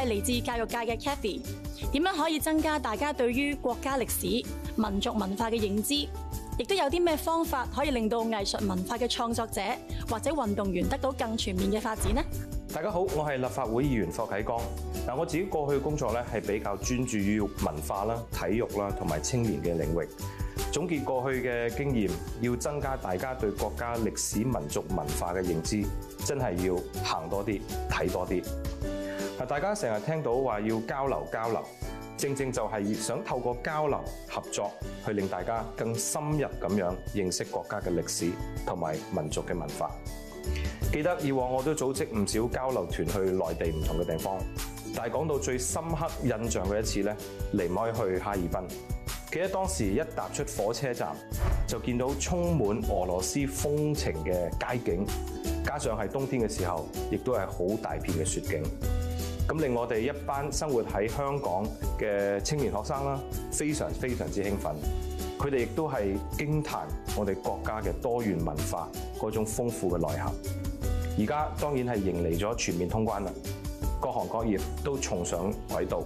係嚟自教育界嘅 Cathy，點樣可以增加大家對於國家歷史、民族文化嘅認知？亦都有啲咩方法可以令到藝術文化嘅創作者或者運動員得到更全面嘅發展呢？大家好，我係立法會議員霍啟剛。嗱，我自己過去嘅工作咧，係比較專注於文化啦、體育啦同埋青年嘅領域。總結過去嘅經驗，要增加大家對國家歷史、民族文化嘅認知，真係要行多啲，睇多啲。大家成日聽到話要交流交流，正正就係想透過交流合作，去令大家更深入咁樣認識國家嘅歷史同埋民族嘅文化。記得以往我都組織唔少交流團去內地唔同嘅地方，但係講到最深刻印象嘅一次呢，離唔開去哈爾濱。記得當時一踏出火車站，就見到充滿俄羅斯風情嘅街景，加上係冬天嘅時候，亦都係好大片嘅雪景。咁令我哋一班生活喺香港嘅青年學生啦，非常非常之興奮，佢哋亦都係驚嘆我哋國家嘅多元文化嗰種豐富嘅內涵。而家當然係迎嚟咗全面通關啦，各行各業都重上軌道。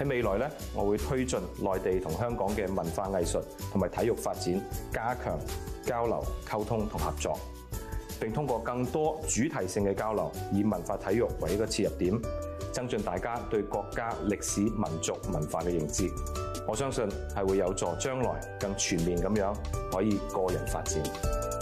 喺未來咧，我會推進內地同香港嘅文化藝術同埋體育發展，加強交流溝通同合作。並通過更多主題性嘅交流，以文化體育為一個切入點，增進大家對國家歷史、民族文化嘅認知。我相信係會有助將來更全面咁樣可以個人發展。